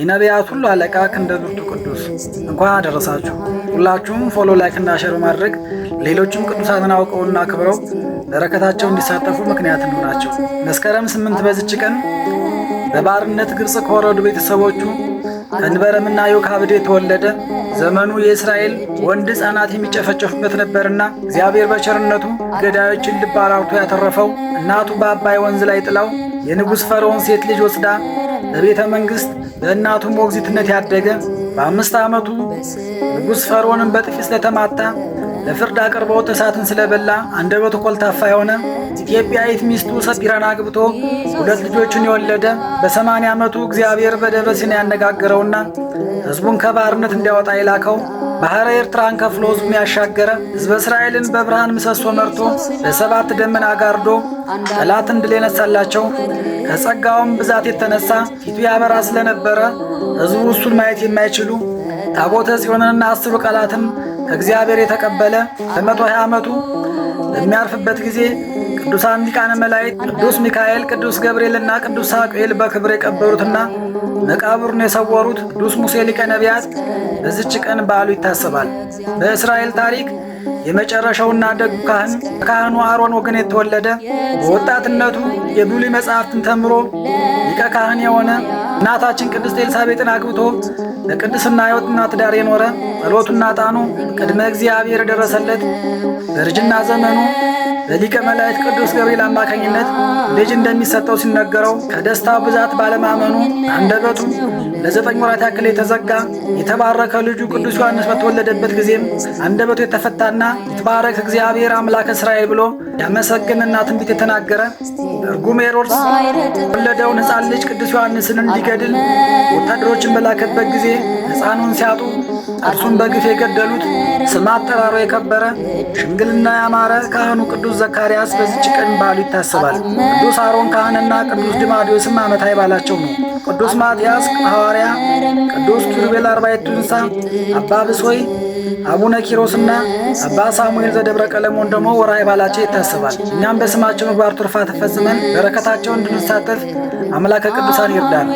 የነቢያት ሁሉ አለቃ ክንደ ብርቱ ቅዱስ እንኳን አደረሳችሁ። ሁላችሁም ፎሎ፣ ላይክ እና ሼር በማድረግ ሌሎችም ቅዱሳትን አውቀውና አክብረው በረከታቸው እንዲሳተፉ ምክንያት እንሆናቸው። መስከረም ስምንት በዝች ቀን በባርነት ግብፅ ከወረዱ ቤተሰቦቹ ከንበረምና ዮካብድ የተወለደ ዘመኑ የእስራኤል ወንድ ሕፃናት የሚጨፈጨፉበት ነበርና እግዚአብሔር በቸርነቱ ገዳዮችን ልብ አራርቶ ያተረፈው እናቱ በአባይ ወንዝ ላይ ጥላው የንጉሥ ፈርዖን ሴት ልጅ ወስዳ በቤተ መንግሥት በእናቱ ሞግዚትነት ያደገ በአምስት ዓመቱ ንጉሥ ፈርዖንን በጥፊ ስለተማታ ለፍርድ አቅርበው እሳትን ስለበላ አንደበቱ ኮልታፋ የሆነ ኢትዮጵያዊት ሚስቱ ሰቢራን አግብቶ ሁለት ልጆችን የወለደ በሰማንያ ዓመቱ እግዚአብሔር በደብረ ሲና ያነጋገረውና ሕዝቡን ከባርነት እንዲያወጣ የላከው ባሕረ ኤርትራን ከፍሎ ሕዝቡን ያሻገረ ሕዝበ እስራኤልን በብርሃን ምሰሶ መርቶ በሰባት ደመና ጋርዶ ጠላትን ድል የነሳላቸው ከጸጋውም ብዛት የተነሳ ፊቱ ያበራ ስለነበረ ሕዝቡ እሱን ማየት የማይችሉ ታቦተ ጽዮንንና አስሩ ቃላትም እግዚአብሔር የተቀበለ በመቶ ሃያ ዓመቱ በሚያርፍበት ጊዜ ቅዱሳን ሊቃነ መላእክት ቅዱስ ሚካኤል፣ ቅዱስ ገብርኤልና ቅዱስ ሳቅኤል በክብር የቀበሩትና መቃብሩን የሰወሩት ቅዱስ ሙሴ ሊቀ ነቢያት በዚች ቀን በዓሉ ይታሰባል። በእስራኤል ታሪክ የመጨረሻውና ደጉ ካህን ከካህኑ አሮን ወገን የተወለደ በወጣትነቱ የብሉይ መጽሐፍትን ተምሮ ሊቀ ካህን የሆነ እናታችን ቅድስት ኤልሳቤጥን አግብቶ በቅድስና ሕይወትና ትዳር የኖረ ጸሎቱና ዕጣኑ ቅድመ እግዚአብሔር ደረሰለት። በእርጅና ዘመኑ በሊቀ መላእክት ቅዱስ ገብርኤል አማካኝነት ልጅ እንደሚሰጠው ሲነገረው ከደስታው ብዛት ባለማመኑ አንደበቱ ለዘጠኝ ወራት ያክል የተዘጋ የተባረከ ልጁ ቅዱስ ዮሐንስ በተወለደበት ጊዜም አንደበቱ የተፈታና የተባረከ እግዚአብሔር አምላክ እስራኤል ብሎ ያመሰግንና ትንቢት የተናገረ እርጉም ሄሮድስ ወለደውን ሕፃን ልጅ ቅዱስ ዮሐንስን እንዲገ ሲገድል ወታደሮችን በላከበት ጊዜ ሕፃኑን ሲያጡ እርሱን በግፍ የገደሉት ስም አጠራሩ የከበረ ሽምግልና ያማረ ካህኑ ቅዱስ ዘካርያስ በዚች ቀን በዓሉ ይታሰባል። ቅዱስ አሮን ካህንና ቅዱስ ድማዲዮስም ዓመታዊ በዓላቸው ነው። ቅዱስ ማትያስ ሐዋርያ፣ ቅዱስ ኪሩቤል አርባዕቱ እንስሳ፣ አባ ብሶይ፣ አቡነ ኪሮስና አባ ሳሙኤል ዘደብረ ቀለሞን ደግሞ ወርኃዊ በዓላቸው ይታሰባል። እኛም በስማቸው ምግባር ቱርፋ ተፈጽመን በረከታቸውን እንድንሳተፍ አምላከ ቅዱሳን ይርዳል።